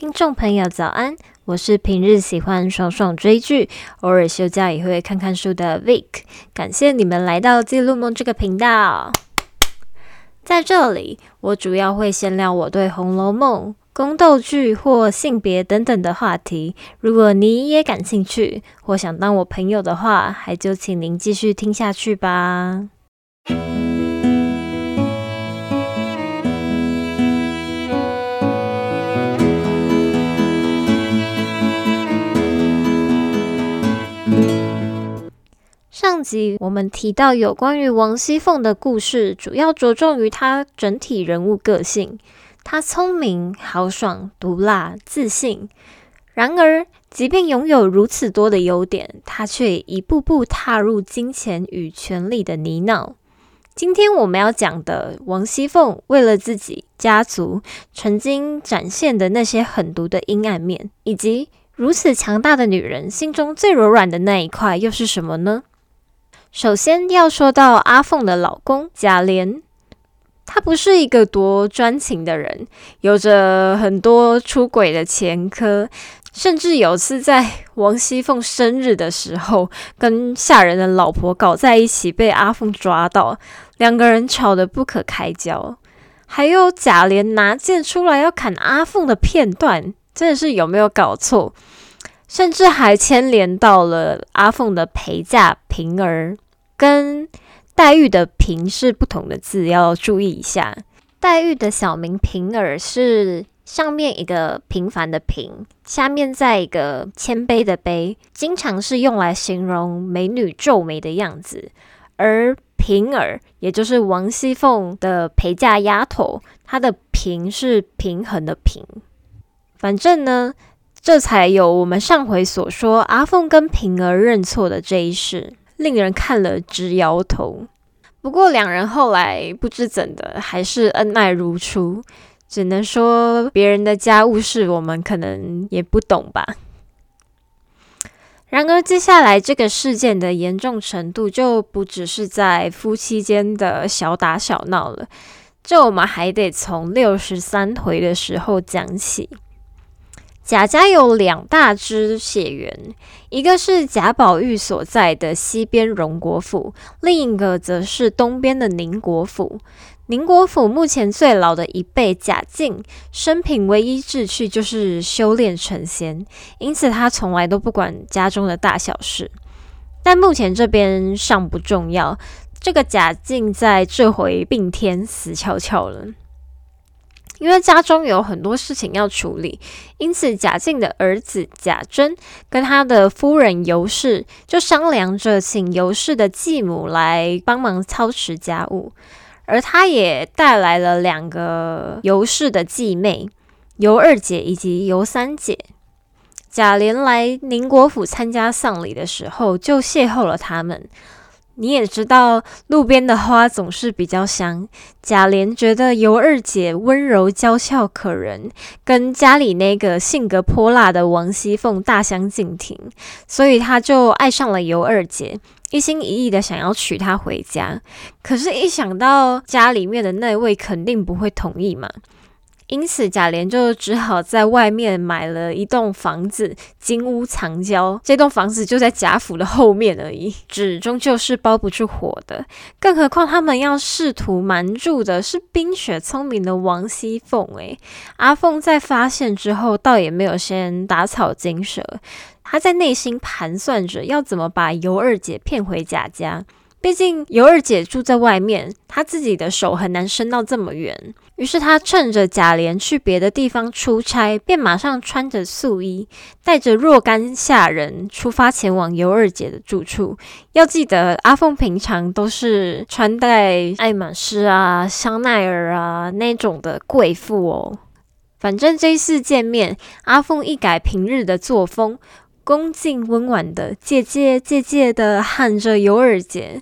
聽眾朋友早安，我是平日喜歡爽爽追劇，偶爾休假也會看看書的 Vic。感謝你們來到《記錄夢》這個頻道， 在這裡我主要會閒聊我對《紅樓夢》、宮鬥劇或性別等等的話題。如果你也感興趣，或想當我朋友的話，還就請您繼續聽下去吧。上集我們提到有關於王熙鳳的故事，主要着重於她整體人物個性。她聰明、豪爽、毒辣、自信。然而，即便擁有如此多的優點，她卻一步步踏入金錢與權力的泥淖。今天我們要講的王熙鳳，為了自己家族曾經展現的那些狠毒的陰暗面，以及如此強大的女人心中最柔軟的那一塊，又是什麼呢？首先要說到阿鳳的老公賈璉，他不是一個多專情的人，有着很多出軌的前科，甚至有次在王熙鳳生日的時候，跟下人的老婆搞在一起，被阿鳳抓到，兩個人吵得不可開交，還有賈璉拿劍出來要砍阿鳳的片段，真的是有沒有搞錯？甚至還牽連到了阿鳳的陪嫁平兒，跟黛玉的顰是不同的字，要注意一下。黛玉的小名顰兒是上面一個平凡的平，下面再一個謙卑的卑，經常是用來形容美女皺眉的樣子。而平兒，也就是王熙鳳的陪嫁丫頭，她的平是平衡的平。反正呢。這才有我們上回所說，阿鳳跟平兒認錯的這一事，令人看了直搖頭。不過兩人後來不知怎的，還是恩愛如初，只能說別人的家務事，我們可能也不懂吧。然而接下來這個事件的嚴重程度，就不只是在夫妻間的小打小鬧了，這我們還得從六十三回的時候講起。賈家有兩大支血緣，一個是賈寶玉所在的西邊榮國府，另一個則是東邊的寧國府。寧國府目前最老的一輩賈敬，生平唯一志趣就是修煉成仙，因此他從來都不管家中的大小事。但目前這邊尚不重要，這個賈敬在這回病天死翹翹了。因為家中有很多事情要處理，因此賈敬的兒子賈珍跟他的夫人尤氏就商量着請尤氏的繼母來幫忙操持家務，而他也帶來了兩個尤氏的繼妹尤二姐以及尤三姐。賈璉來寧國府參加喪禮的時候，就邂逅了他們。你也知道，路邊的花總是比較香。賈璉覺得尤二姐溫柔嬌俏可人，跟家裡那個性格潑辣的王熙鳳大相徑庭，所以他就愛上了尤二姐，一心一意的想要娶她回家。可是，一想到家裡面的那位，肯定不會同意嘛。因此，賈璉就只好在外面買了一棟房子，金屋藏嬌。這棟房子就在賈府的後面而已，紙終究是包不住火的。更何況，他們要試圖瞞住的是冰雪聰明的王熙鳳，欸。哎，阿鳳在發現之後，倒也沒有先打草驚蛇，她在內心盤算着要怎麼把尤二姐騙回賈家。畢竟，尤二姐住在外面，她自己的手很難伸到這麼遠。於是他趁着賈璉去別的地方出差，便馬上穿着素衣，帶着若干下人出發前往尤二姐的住處。要記得，阿鳳平常都是穿戴愛馬仕啊、香奈兒啊那種的貴婦哦。反正這次見面，阿鳳一改平日的作風，恭敬溫婉的，姐姐姐姐的喊着尤二姐。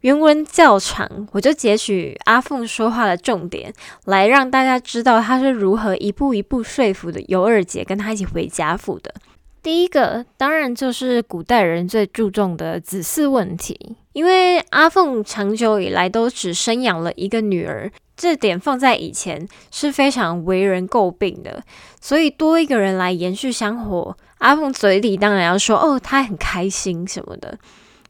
原文較長，我就截取阿鳳說話的重點，來讓大家知道她是如何一步一步說服的尤二姐跟她一起回賈府的。第一個當然就是古代人最注重的子嗣問題，因為阿鳳長久以來都只生養了一個女兒，這點放在以前是非常為人詬病的，所以多一個人來延續香火，阿鳳嘴裡當然要說哦，她很開心什麼的。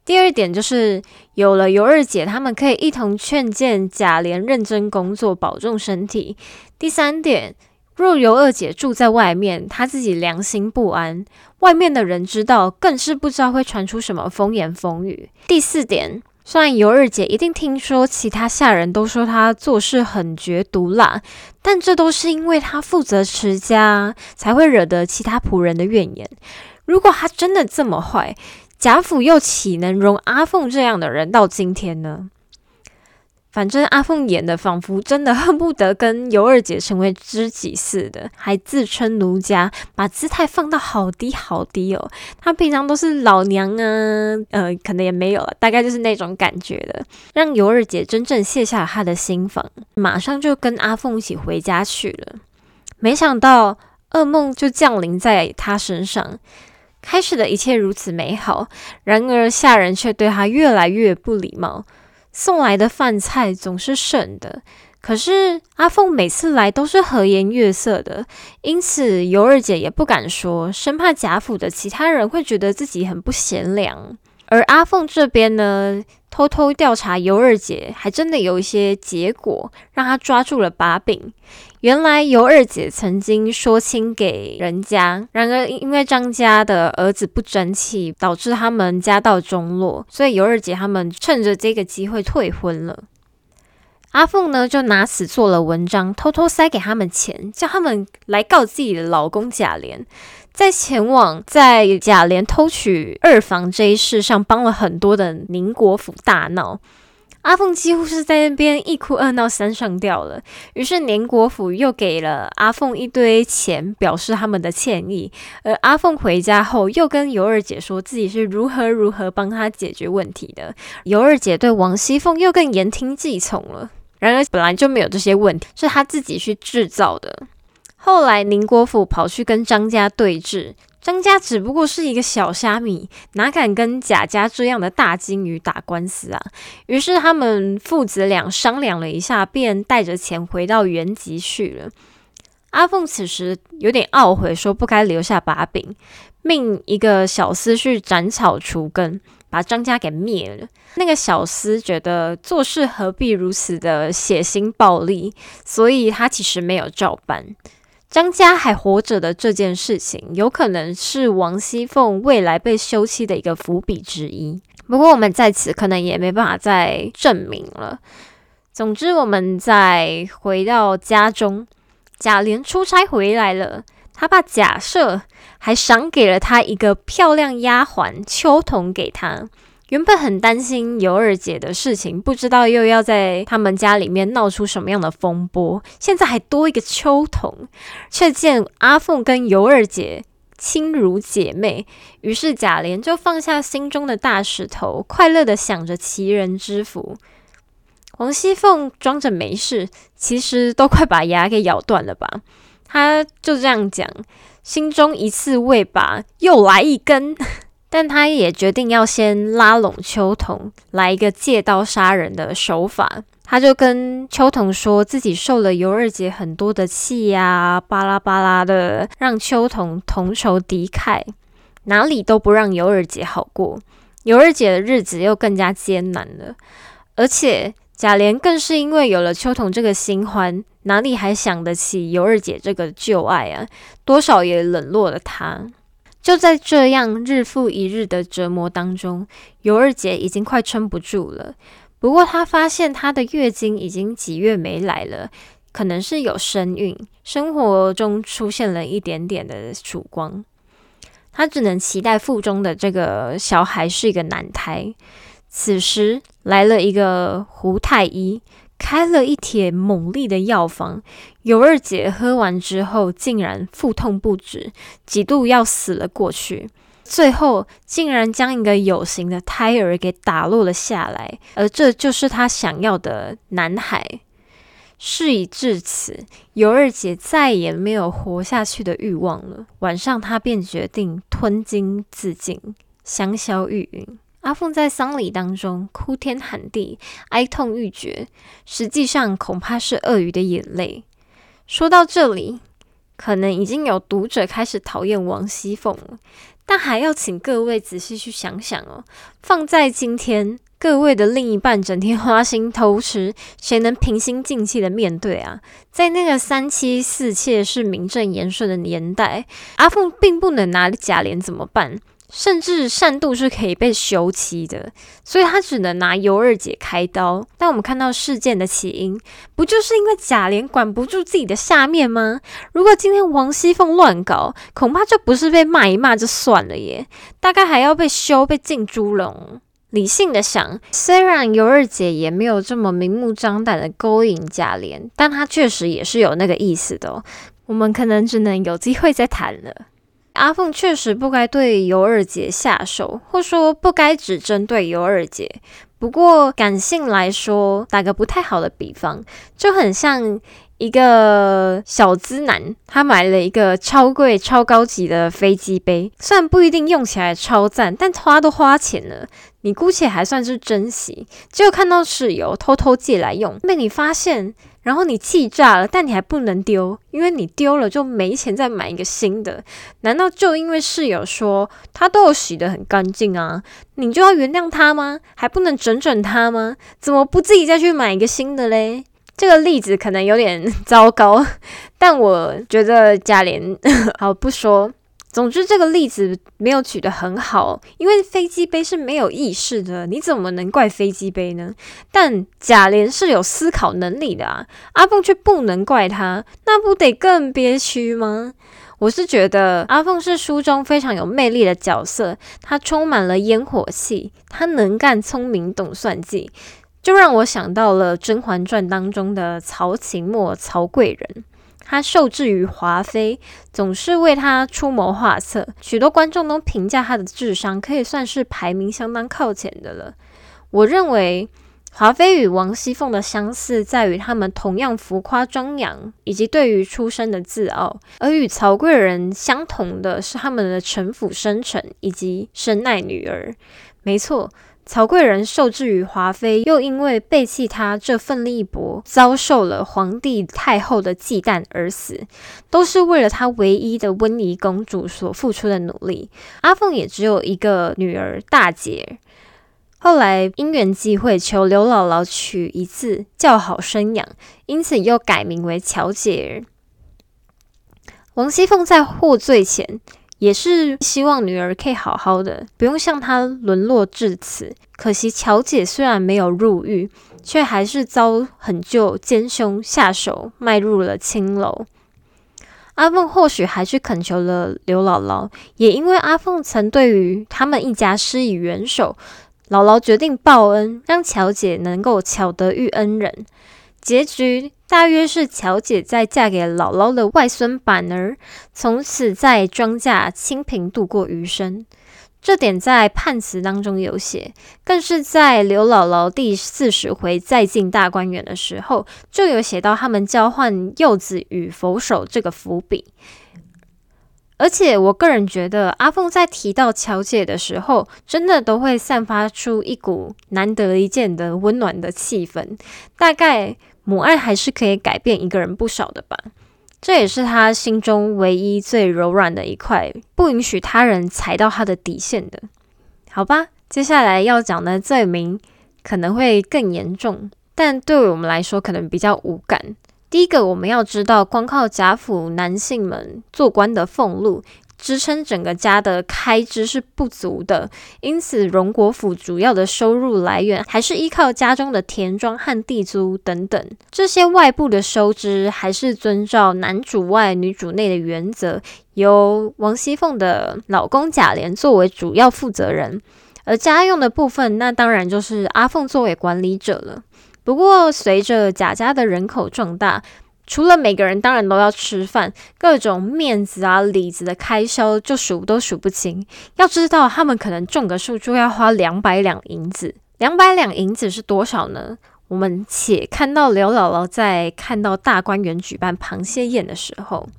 第二點就是有了尤二姐，他們可以一同勸諫賈璉認真工作，保重身體。第三點，若尤二姐住在外面，她自己良心不安，外面的人知道，更是不知道會傳出什麼風言風語。第四點，雖然尤二姐一定聽說其他下人都說她做事狠絕毒辣，但這都是因為她負責持家，才會惹得其他僕人的怨言。如果她真的這麼壞，賈府又豈能容阿鳳這樣的人到今天呢？反正阿鳳演的仿佛真的恨不得跟尤二姐成為知己似的，還自稱奴家，把姿態放到好低好低哦。她平常都是老娘啊，呃，可能也沒有，大概就是那種感覺的，讓尤二姐真正卸下了她的心防，馬上就跟阿鳳一起回家去了。沒想到噩夢就降臨在她身上。開始的一切如此美好，然而下人卻對她越來越不禮貌，送來的飯菜總是剩的。可是阿鳳每次來都是和顏悅色的，因此尤二姐也不敢說，生怕賈府的其他人會覺得自己很不賢良。而阿鳳這邊呢，偷偷調查尤二姐，還真的有一些結果，讓她抓住了把柄。原來尤二姐曾經說親給人家，然而因為張家的兒子不爭氣，導致他們家道中落，所以尤二姐他們趁着這個機會退婚了。阿鳳呢，就拿此做了文章，偷偷塞給他們錢，叫他們來告自己的老公賈璉，在前往在賈璉偷娶二房這一事上幫了很多的寧國府大鬧。阿鳳幾乎是在那邊一哭二鬧三上吊了，於是寧國府又給了阿鳳一堆錢，表示他們的歉意。而阿鳳回家後，又跟尤二姐說自己是如何如何幫她解決問題的。尤二姐對王熙鳳又更言聽計從了。然而，本來就沒有這些問題，是她自己去製造的。後來，寧國府跑去跟張家對峙。張家只不過是一個小蝦米，哪敢跟賈家這樣的大鯨魚打官司啊？於是他們父子倆商量了一下，便帶着錢回到原籍去了。阿鳳此時有點懊悔，說不該留下把柄，命一個小廝去斬草除根，把張家給滅了。那個小廝覺得做事何必如此的血腥暴力，所以他其實沒有照辦。張家還活着的這件事情，有可能是王熙鳳未來被休妻的一個伏筆之一。不過我們在此可能也沒辦法再證明了。總之，我們再回到家中，賈璉出差回來了，他爸賈赦還賞給了他一個漂亮丫鬟，秋桐給他。原本很擔心尤二姐的事情，不知道又要在他們家裡面鬧出什麼樣的風波。現在還多一個秋桐，卻見阿鳳跟尤二姐親如姐妹，於是賈璉就放下心中的大石頭，快樂的想着齊人之福。王熙鳳裝着沒事，其實都快把牙給咬斷了吧。她就這樣講，心中一次未拔，又來一根。但他也決定要先拉攏秋桐，來一個借刀殺人的手法。他就跟秋桐說自己受了尤二姐很多的氣呀、啊，巴拉巴拉的，讓秋桐同仇敵愾，哪裡都不讓尤二姐好過。尤二姐的日子又更加艱難了。而且賈璉更是因為有了秋桐這個新歡，哪裡還想得起尤二姐這個舊愛啊？多少也冷落了她。就在這樣日復一日的折磨當中，尤二姐已經快撐不住了。不過她發現她的月經已經幾月沒來了，可能是有身孕。生活中出現了一點點的曙光，她只能期待腹中的這個小孩是一個男胎。此時來了一個胡太醫。開了一帖猛烈的藥方，尤二姐喝完之後，竟然腹痛不止，幾度要死了過去，最後竟然將一個有形的胎兒給打落了下來，而這就是她想要的男孩。事已至此，尤二姐再也沒有活下去的慾望了。晚上，她便決定吞金自盡，香消玉殞。阿鳳在喪禮當中哭天喊地，哀痛欲絕，實際上恐怕是鱷魚的眼淚。說到這裡，可能已經有讀者開始討厭王熙鳳了，但還要請各位仔細去想想哦。放在今天，各位的另一半整天花心偷吃，誰能平心靜氣的面對啊？在那個三妻四妾是名正言順的年代，阿鳳並不能拿賈璉怎麼辦？甚至善妒是可以被休妻的，所以他只能拿尤二姐開刀。但我們看到事件的起因，不就是因為賈璉管不住自己的下面嗎？如果今天王熙鳳亂搞，恐怕就不是被罵一罵就算了耶，大概還要被休、被浸豬籠。理性的想，雖然尤二姐也沒有這麼明目張膽的勾引賈璉，但她確實也是有那個意思的哦，我們可能只能有機會再談了。阿鳳確實不該對尤二姐下手，或說不該只針對尤二姐。不過感性來說，打個不太好的比方，就很像。一個小資男，他買了一個超貴超高級的飛機杯，雖然不一定用起來超讚，但花都花錢了，你姑且還算是珍惜。結果看到室友偷偷借來用，被你發現，然後你氣炸了，但你還不能丟，因為你丟了就沒錢再買一個新的。難道就因為室友說他都有洗得很乾淨啊，你就要原諒他嗎？還不能整整他嗎？怎麼不自己再去買一個新的嘞？這個例子可能有點糟糕，但我覺得賈璉好不說。總之，這個例子沒有舉得很好，因為飛機杯是沒有意識的，你怎麼能怪飛機杯呢？但賈璉是有思考能力的啊，阿鳳卻不能怪他，那不得更憋屈嗎？我是覺得阿鳳是書中非常有魅力的角色，她充滿了煙火氣，她能幹、聰明、懂算計。就讓我想到了《甄嬛傳》當中的曹琴默、曹貴人，他受制於華妃，總是為他出謀劃策。許多觀眾都評價他的智商可以算是排名相當靠前的了。我認為華妃與王熙鳳的相似在於他們同樣浮誇張揚，以及對於出身的自傲；而與曹貴人相同的是他們的城府深沉以及深愛女兒。沒錯。曹貴人受制於華妃，又因為背棄她，這奮力一搏，遭受了皇帝太後的忌憚而死，都是為了她唯一的溫宜公主所付出的努力。阿鳳也只有一個女兒大姐兒，後來因緣際會，求劉姥姥取一字，較好生養，因此又改名為巧姐兒。王熙鳳在獲罪前，也是希望女兒可以好好的，不用像她淪落至此。可惜巧姐雖然沒有入獄，卻還是遭狠舅奸兄下手，邁入了青樓。阿鳳或許還是懇求了劉姥姥，也因為阿鳳曾對於他們一家施以援手，姥姥決定報恩，讓巧姐能夠巧得遇恩人。結局大約是巧姐在嫁給姥姥的外孫板兒，從此在莊稼清貧度過餘生。這點在判詞當中有寫，更是在劉姥姥第四十回再進大觀園的時候就有寫到他們交換柚子與佛手這個伏筆。而且我個人覺得，阿鳳在提到巧姐的時候，真的都會散發出一股難得一見的溫暖的氣氛，大概。母愛還是可以改變一個人不少的吧，這也是他心中唯一最柔軟的一塊，不允許他人踩到他的底線的。好吧，接下來要講的罪名可能會更嚴重，但對我們來說可能比較無感。第一個，我們要知道，光靠賈府男性們做官的俸祿，支撐整個家的開支是不足的，因此榮國府主要的收入來源還是依靠家中的田莊和地租等等。這些外部的收支還是遵照男主外女主內的原則，由王熙鳳的老公賈璉作為主要負責人，而家用的部分那當然就是阿鳳作為管理者了。不過隨着賈家的人口壯大，除了每個人當然都要吃飯，各種面子啊裡子的開銷就數都數不清。要知道他們可能種個樹就要花兩百兩銀子，兩百兩銀子是多少呢？我們且看到劉姥姥在看到大觀園舉辦螃蟹宴的時候，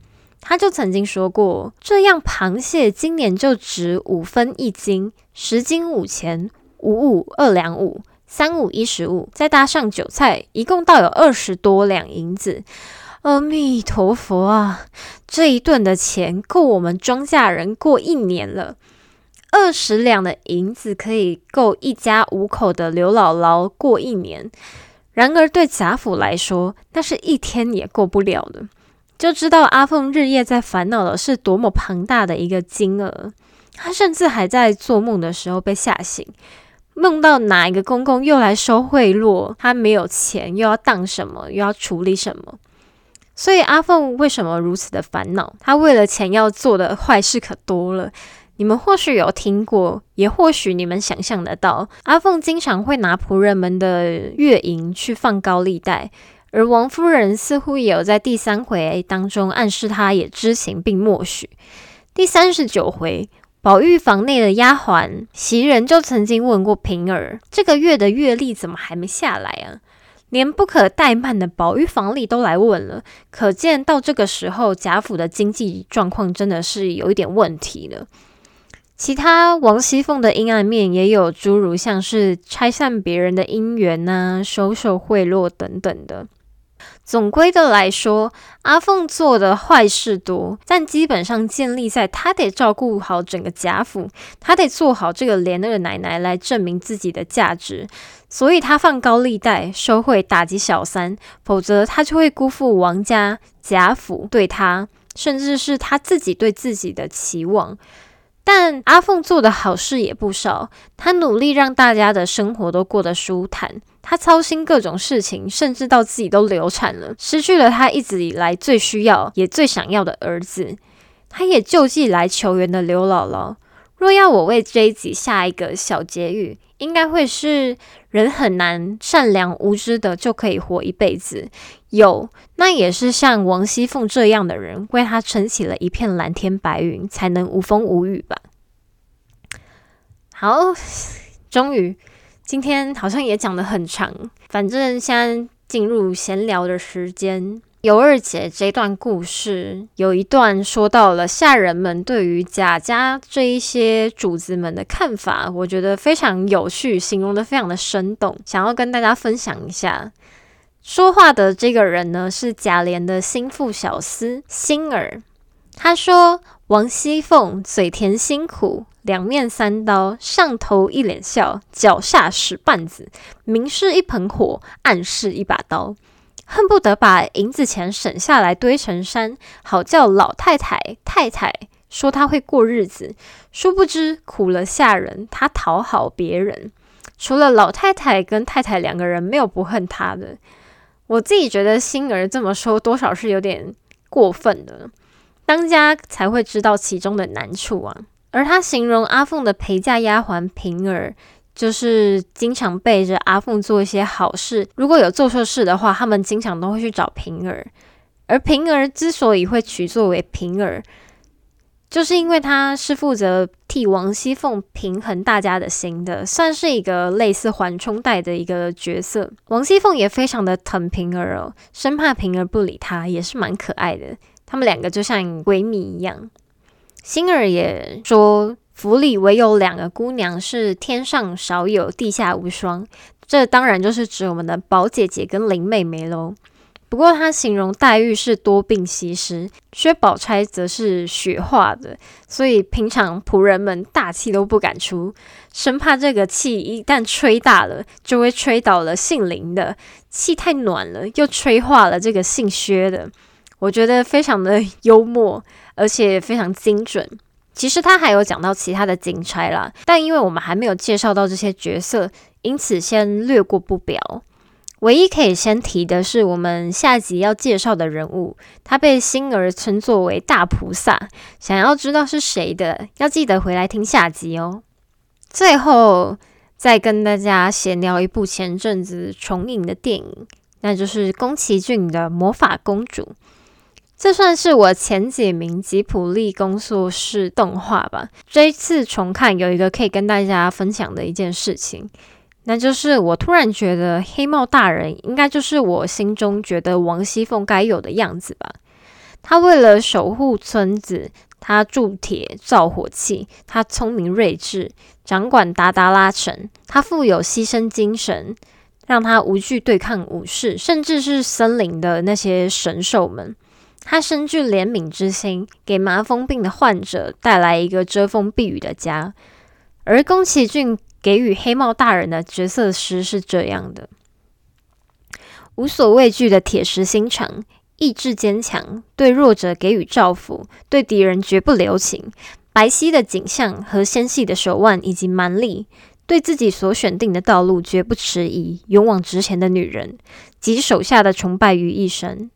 她就曾經說過：這樣螃蟹今年就值五分一斤，十斤五錢，五五二兩五，三五一十五，再搭上酒菜，一共倒有二十多兩銀子。阿彌陀佛啊！這一頓的錢夠我們莊稼人過一年了。二十兩的銀子可以夠一家五口的劉姥姥過一年。然而，對賈府來說，那是一天也過不了的。就知道阿鳳日夜在煩惱的是多麼龐大的一個金額。她甚至還在做夢的時候被嚇醒，夢到哪一個公公又來收賄賂，他沒有錢，又要當什麼，又要處理什麼。所以阿鳳為什麼如此的煩惱？她為了錢要做的壞事可多了。你們或許有聽過，也或許你們想象得到，阿鳳經常會拿僕人們的月銀去放高利貸，而王夫人似乎也有在第三回當中暗示她也知情並默許。第三十九回，寶玉房內的丫鬟襲人就曾經問過平兒：“這個月的月例怎麼還沒下來啊？”連不可怠慢的寶玉房裡都來問了，可見到這個時候賈府的經濟狀況真的是有一點問題了。其他王熙鳳的陰暗面也有，諸如像是拆散別人的姻緣吶、啊、收受賄賂等等的。總歸的來說，阿鳳做的壞事多，但基本上建立在她得照顧好整個賈府，她得做好這個璉二奶奶來證明自己的價值，所以她放高利貸、收賄、打擊小三，否則她就會辜負王家、賈府對她，甚至是他自己對自己的期望。但阿鳳做的好事也不少，她努力讓大家的生活都過得舒坦。他操心各種事情，甚至到自己都流產了，失去了他一直以來最需要也最想要的兒子。他也救濟來求援的劉姥姥。若要我為這一集下一個小結語，應該會是：人很難善良無知的就可以活一輩子。有，那也是像王熙鳳這樣的人為他撐起了一片藍天白雲，才能無風無雨吧。好，終於。今天好像也講得很長，反正先進入閒聊的時間。尤二姐這一段故事，有一段說到了下人們對於賈家這一些主子們的看法，我覺得非常有趣，形容得非常的生動，想要跟大家分享一下。說話的這個人呢，是賈璉的心腹小廝興兒，他說。王熙鳳嘴甜心苦，兩面三刀，上頭一臉笑，腳下使絆子，明是一盆火，暗是一把刀，恨不得把銀子錢省下來堆成山，好叫老太太、太太說她會過日子。殊不知苦了下人，她討好別人，除了老太太跟太太兩個人，沒有不恨她的。我自己覺得興兒這麼說，多少是有點過分的。當家才會知道其中的難處啊。而他形容阿鳳的陪嫁丫鬟平兒，就是經常背着阿鳳做一些好事。如果有做錯事的話，他們經常都會去找平兒。而平兒之所以會取作為平兒，就是因為她是負責替王熙鳳平衡大家的心的，算是一個類似緩衝帶的一個角色。王熙鳳也非常的疼平兒哦，生怕平兒不理她，也是蠻可愛的。他們兩個就像閨蜜一樣，興兒也說，府裡唯有兩個姑娘是天上少有，地下無雙。這當然就是指我們的寶姐姐跟林妹妹嘍。不過她形容黛玉是多病西施，薛寶釵則是雪化的，所以平常僕人們大氣都不敢出，生怕這個氣一旦吹大了，就會吹倒了姓林的；氣太暖了，又吹化了這個姓薛的。我覺得非常的幽默，而且非常精準。其實他還有講到其他的金釵啦，但因為我們還沒有介紹到這些角色，因此先略過不表。唯一可以先提的是，我們下集要介紹的人物，他被興兒稱作為大菩薩。想要知道是誰的，要記得回來聽下集哦。最後再跟大家閒聊一部前陣子重映的電影，那就是宮崎駿的《魔法公主》。這算是我前幾名吉卜力工作室動畫吧。這一次重看，有一個可以跟大家分享的一件事情，那就是我突然覺得黑帽大人應該就是我心中覺得王熙鳳該有的樣子吧。他為了守護村子，他鑄鐵造火器，他聰明睿智，掌管達達拉城，他富有犧牲精神，讓他無懼對抗武士，甚至是森林的那些神獸們。他深具憐憫之心，給麻風病的患者帶來一個遮風避雨的家。而宮崎駿給予黑帽大人的角色時，是這樣的：無所畏懼的鐵石心腸，意志堅強，對弱者給予照拂，對敵人絕不留情。白皙的景象和纖細的手腕以及蠻力，對自己所選定的道路絕不遲疑，勇往直前的女人集手下的崇拜於一身。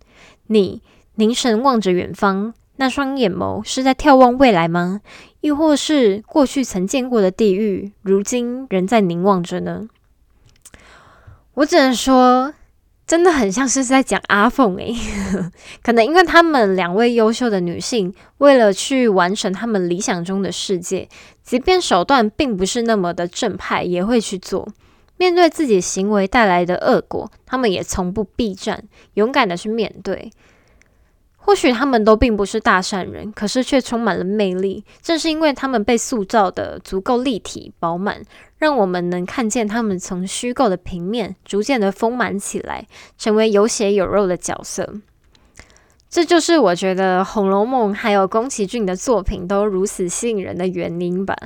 你。凝神望着遠方，那雙眼眸是在眺望未來嗎？亦或是過去曾見過的地獄，如今仍在凝望着呢？我只能說，真的很像是在講阿鳳誒， 可能因為她們兩位優秀的女性，為了去完成他們理想中的世界，即便手段並不是那麼的正派，也會去做。面對自己行為帶來的惡果，她們也從不避戰，勇敢的去面對。或許他們都並不是大善人，可是卻充滿了魅力。正是因為他們被塑造的足夠立體飽滿，讓我們能看見他們從虛構的平面逐漸的豐滿起來，成為有血有肉的角色。這就是我覺得《紅樓夢》還有宮崎駿的作品都如此吸引人的原因吧。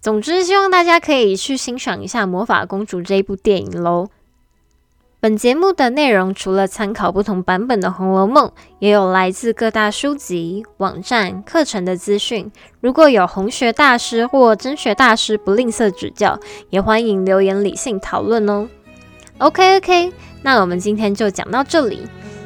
總之，希望大家可以去欣賞一下《魔法公主》這部電影嘍。本節目的內容除了參考不同版本的《紅樓夢》，也有來自各大書籍、網站、課程的資訊。如果有紅學大師或真學大師不吝嗇指教，也歡迎留言理性討論哦。OK OK，那我們今天就講到這裡。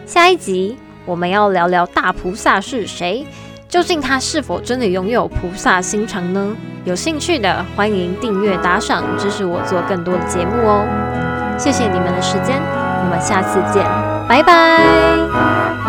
下一集我們要聊聊大菩薩是誰，究竟他是否真的擁有菩薩心腸呢？有興趣的歡迎訂閱、打賞，支持我做更多的節目哦。謝謝你們的時間，我們下次見，拜拜。